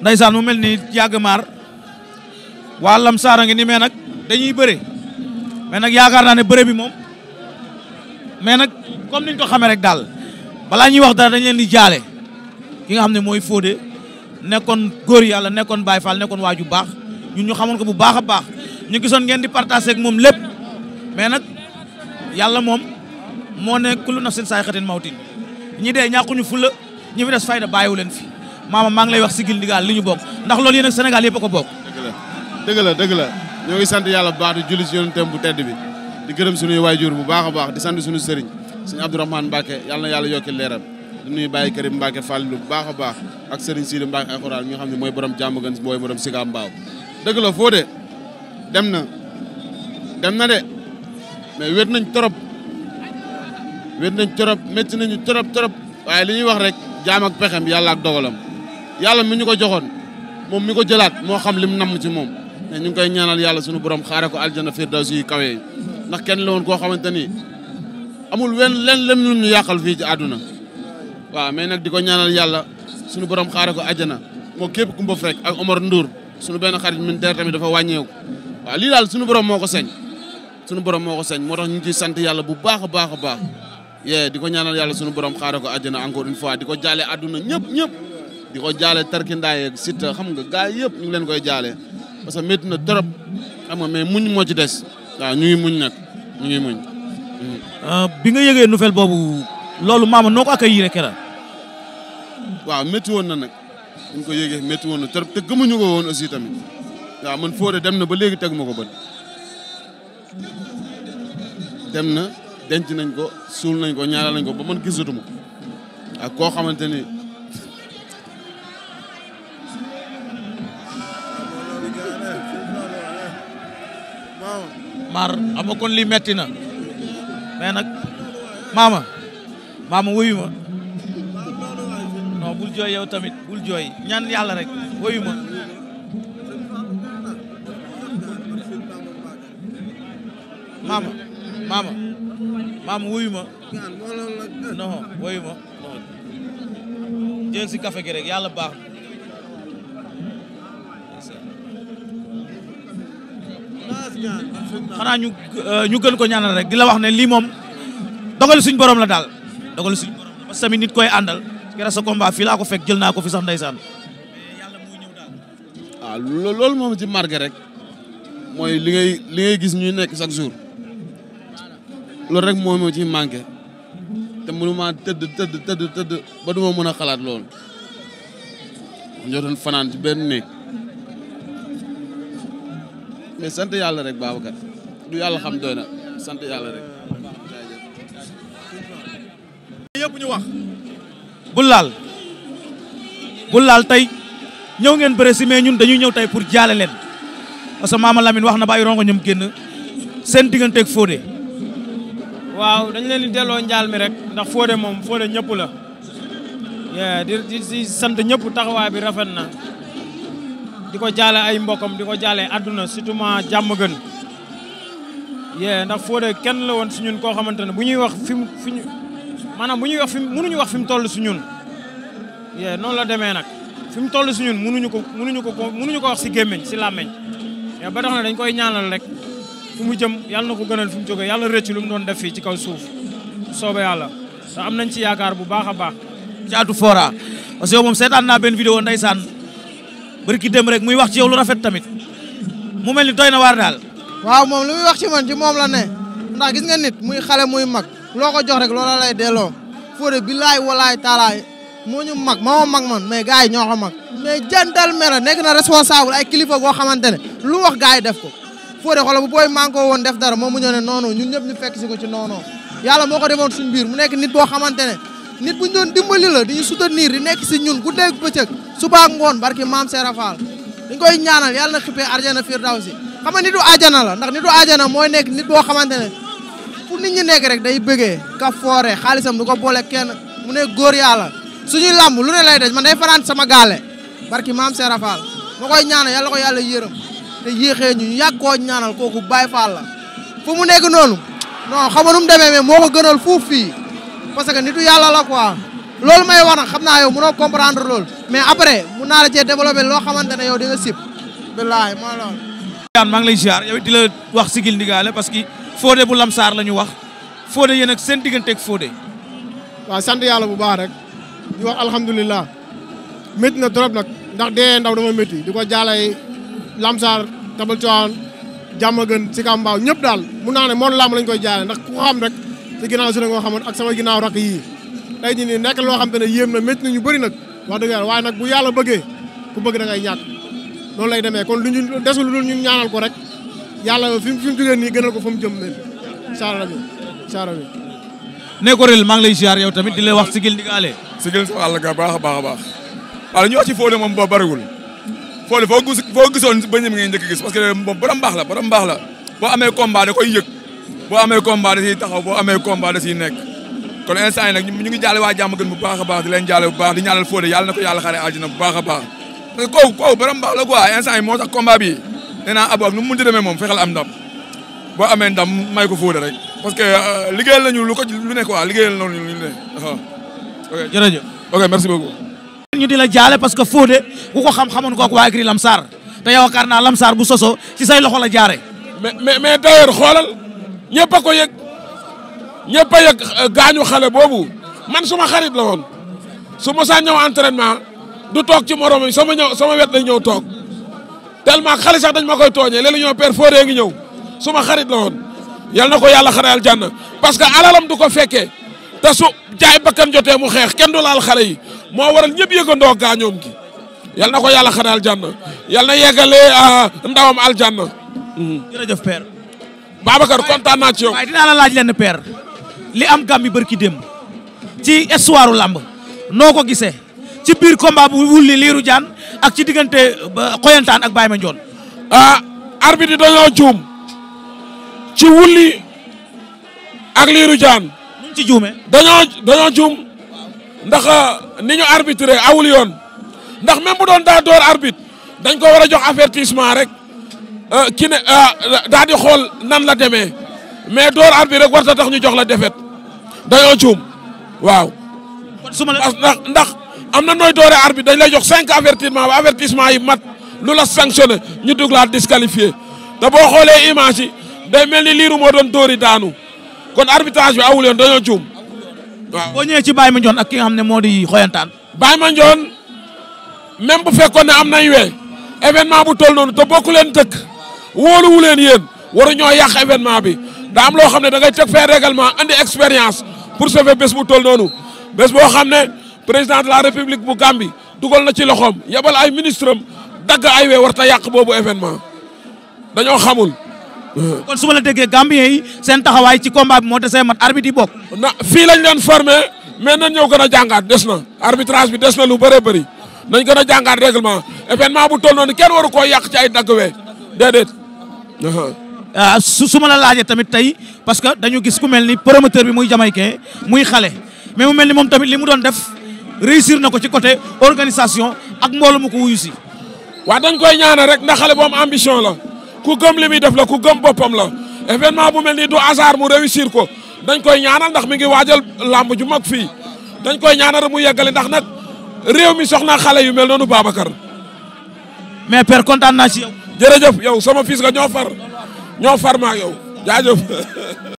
ndaysaan mu mel ni yàgg maar waa Lamsaar a ni mais nag dañuy bëre mais nag yaakaar naa ne bëre bi moom mais nag comme niñ ko xamee rek daal balaa ñuy wax dara dañ leen di jaale ki nga xam ne mooy Fodé nekkoon góor yàlla nekkoon baay Fall nekkoon waaju baax ñun ñu xamoon ko bu baax a baax ñu gisoon ngeen di partager ak moom lépp mais nag yàlla moom moo ne kullu nafsin saay xatin mawtin ñi dee ñàkkuñu fulla ñi fi des fayda bàyyiwu leen fi maama maa ngi lay wax sigil ndigal li ñu bokk ndax loolu yéen ak Sénégal yëpp a ko bokk dëgg la dëgg la ñoo ngi sant yàlla bu baax di julli si yonentam bu tedd bi di gërëm suñuy waajur bu baax a baax di sant suñu sëriñ suñu Abdourahmane Mbacke yàlla na yàlla yokki leeram di nuyu Baye Karim Mbacke Fallou bu baax a baax ak sëriñ Sidi Mbacke alxuraan ñi nga xam ne mooy borom jàmm gën mooy borom Siga Mbaaw dëgg la foo dem na dem na de mais wét nañ trop wét nañ trop métti nañu trop trop waaye li ñuy wax rek jaam ak pexem yàlla ak dogalam yàlla mi ñu ko joxoon moom mi ko jëlaat moo xam lim mu ci moom te ñu ngi koy yàlla suñu borom xaare ko aljana firdaws yu kawe ndax kenn la koo xamante ni amul wenn len lem lu yàqal fii ci àdduna waaw mais nag di ko ñaanal yàlla sunu borom xaare ko aljana moo képp ku mu fekk ak Omar Ndour suñu benn xarit militaire tamit dafa wàññeeku waaw lii daal suñu borom moo ko señ suñu borom moo ko señ moo tax ñu ciy sant yàlla bu baax a baax a baax yee di ko ñaanal yàlla suñu borom xaare ko àjjana encore une fois di ko jaale àdduna ñëpp ñëp di ko jaale tarkindaa yeeg Siteu xam nga gars yëpp ñu leen koy jaale parce que métti na trop xam nga mais muñ moo ci des waa ñu muñ nag ñu ngi muñ. Euh, bi nga yëgee nouvelle boobu loolu maama noo ko accueillir rek la. waaw métti woon na nag ñu ko yégee métti woon na trop te gëmuñu ko woon aussi tamit waaw man Fodé dem na ba léegi teg ma ko bët dem na denc nañ ko suul nañ ko ñaanal nañ ko ba man gisatuma ak koo xamante maar xam nga kon lii metti na mais mama maama maama wuyu jooy yow tamit bul jooy ñaan yàlla rek wuyu ma maama maama maama wuyu ma non wuyu ma si café gi rek yàlla baax xanaa ñu euh, ñu gën ko ñaanal rek di la wax ne lii moom dogal suñ borom la daal dogal suñ borom la parce que tamit nit koy àndal keroog sa ko fekk jël naa ko fi sax ndeysaan. waaw ah, lool moom ci marge rek mooy li ngay li ngay gis ñu nekk chaque jour loolu rek moom moo ci manqué te mënuma tëdd tëdd tëdd tëdd ba duma mën a xalaat lool ñoo doon fanaan ci benn néeg mais sant yàlla rek Babacar du yàlla xam doy sant yàlla rek. yëpp ñu wax. bu laal bu laal tey ñëw ngeen bëre si mais ñun dañuy ñëw tey pour jaale leen parce que Mama wax na ba ay rongo ñoom génn seen digganteeg Fodé. waaw dañ leen di delloo njaal mi rek ndax Fodé moom Fodé ñëpp la. di di sant ñëpp taxawaay bi rafet na. di ko jaale ay mbokkam di ko jaale àdduna surtout ma jàmm gën yee ndax Fodé kenn la woon si ñun koo xamante ne bu ñuy wax fi mu fi ñu maanaam bu ñuy wax fi mënuñu wax fi mu toll si ñun yee noonu la demee nag fi mu toll si ñun mënuñu ko mënuñu ko mënuñu ko wax si gémmiñ si làmmiñ ba tax dañ koy ñaanal rek fu mu jëm yàlla na ko gënal fi mu jógee yàlla rëcc lu mu doon def fii ci kaw suuf soobe yàlla te am nañ ci yaakaar bu baax a baax. Thiatou Fora parce que moom seetaan naa benn vidéo ndeysaan bërki dem rek muy wax ci yow lu rafet tamit mu mel ni doy na waar daal. waaw moom li muy wax ci man ci moom la ne ndax gis nga nit muy xale muy mag loo ko jox rek loola lay delloo Fodé billaay walaay taalaay moo ñu mag moo mag man mais gars yi ñoo ko mag. mais gentleman la nekk na responsable ay kilifa goo xamante ne lu wax gars yi def ko Fodé xoolal bu booy mànkoo woon def dara moo mu ñëw ne noonu ñun ñëpp ñu fekk si ko ci noonu yàlla moo ko defoon suñu biir mu nekk nit boo xamante ne. nit bu ñu doon dimbali la di ñu soutenir di nekk si ñun guddi ak bëccëg suba ak ngoon barki maam Serap Fall dañ koy ñaanal yàlla na xippee arjana firdawsi xam nga nitu ajana la ndax nitu ajana mooy nekk nit boo xamante ne fu nit ñi nekk rek day bëggee ka foore xaalisam du ko boole kenn mu ne góor yàlla suñuy làmb lu ne lay daj ma day fanaan sama gaale barki maam Serap Fall ma koy ñaanal yàlla ko yàlla yërëm te yéexee ñu ñu yàgg koo ko kooku Baye la fu mu nekk noonu non xam nga nu mu demee mais ko gënal fuuf fii parce que nitu yàlla la quoi loolu may wax nag xam naa yow mënoo comprendre loolu mais après mun naa la cee développé loo xamante ne yow di nga sib billaay ma loolu yaan maa ngi lay ziar yow di la wax sigil ndigaale parce que Fodé bu lamsaar la ñu wax Fodé yéen nag seen digganteeg Fodé waaw sant yàlla bu baax rek di wax alhamdulilah métti na trop nag ndax dee ndaw dama métti di ko jaalay lamsaar tabal coaan jàmm gën si kambaaw ñëpp daal mun naa ne moon lañ koy jaale ndax ku xam rek si ginnaaw si nag xamoon ak sama ginnaaw rakk yii tey jii nii nekk loo xam te ne yéem na métti na ñu bëri nag wax dëgg yàlla waaye nag bu yàlla bëggee ku bëgg nag ay ñàkk loolu lay demee kon lu ñu desul lu ñu ñaanal ko rek yàlla fi mu fi mu nii gënal ko fa mu jëm leen saara bi saara bi nekkoril maa ngi lay ziar tamit di lay wax sigil ndigaale sigil sa àll ga baax a baax a baax waaw ñu wax ci Fodé moom boo bariwul Fodé foo gis foo gisoon ba ñëm ngeen njëkk gis parce que moom borom baax la borom baax la boo amee combat da koy boo amee combat da ciy taxaw boo amee combat da ciy nekk kon instant yi nag ñu ngi jaale waa jàmm gën bu baax a baax di leen jaale bu baax di ñaanal Fodé yàlla na ko yàlla xare àjjana bu baax baax parce que kooku kooku borom baax la yi moo tax combat bi nee naa abo nu mu mënti demee moom fexeel am ndam boo amee ndam may ko Fodé rek parce que euh, liggéeyal nañu lu ko lu ne quoi liggéeyal nañu lu ne waaw ok jërëjëf ok merci beaucoup ñu di la jaale parce que Fodé ku ko la jaare ñëpp a ko yëg ñëpp a yëg euh, gaañu xale boobu man suma xarit la woon su ma saa ñëw entraînement du toog ci morom yi sama ñëw sama wet lay ñëw toog tellement xale sax dañ ma koy tooñee léeg-léeg ñoo père Fodé ngi ñëw suma xarit la woon yal na ko yàlla xaral jànna parce que alalam du ko fekkee te su jaay bakkan jotee mu xeex kenn du laal xale yi moo waral ñëpp yëgandoo gaañoom gi yal na ko yàlla xaral jànna yal na yeggalee euh, ndawam aljanna jërëjëf père Babacar kontaan naa ci yow. waaye dinaa la laaj lenn li am gàmm yi barki démb ci histoire làmb noo ko gisee ci biir combat bu wulli liiru jaan ak ci diggante xoyantaan ak Baye Mandione. ah arbitre dañoo juum ci wulli ak liiru jaan. ñu ci juume dañoo dañoo juum ndax ah, ni ñu arbitré awul yoon ndax même doon daa door arbitre dañ ko war a jox avertissement rek. Euh, ki ne euh, daa di xool nan la demee mais door ar bi rek war tax ñu jox la defet dañoo juum waaw. ndax ndax am na nooy doore ar bi dañ lay jox cinq avertissement ba avertissement yi mat lu la sanctionné ñu dugg laa disqualifié te boo xoolee image yi day mel ni liiru moo doon dóori daanu kon arbitrage bi awul yoon dañoo juum waaw. boo ñëwee ci Baye Mandione ak ki nga xam ne moo di xooyantaan xoyantaan. ma Mandione même bu fekkoon ne am na ñu we événement bu toll noonu te bokku leen dëkk. wóoluwu leen yeen waru ñoo yàq événement bi daa loo xam ne da ngay teg fee règlement andi expérience pour sauver bés bu toll noonu bés boo xam ne président de la république bu Gambie dugal na ci loxoom yebal ay ministre am dagg ay wee war ta yàq boobu événement dañoo xamul. kon su ma la déggee Gambien yi seen taxawaay ci combat moo desee mat arbitre yi bokk. na fii lañ leen formé mais nañ ñëw gën a des na arbitrage bi des na lu bëree bëri nañ gën a jàngaat règlement événement bu toll noonu kenn waru koo yàq ci ay dagg wee déedéet. Uh-huh. Ah, su su ma la laajee tamit tey parce que dañu gis ku mel ni promoteur bi muy jamaïcain muy xale mais mu mel ni moom tamit li mu doon def réussir na ko ci côté organisation ak mbooloo mu ko wuyu si. dañ koy ñaanal rek ndax xale bu am ambition la ku gëm li muy def la ku gëm boppam la événement bu mel ni du hasard mu réussir ko dañ koy ñaanal ndax mi ngi waajal làmb ju mag fii dañ koy ñaanal mu yeggale ndax nag réew mi soxna xale yu mel noonu Babacar. mais père kontaan naa ci yow. jërëjëf yow sama fils nga ñoo far ñoo far ma ak yow jaajëf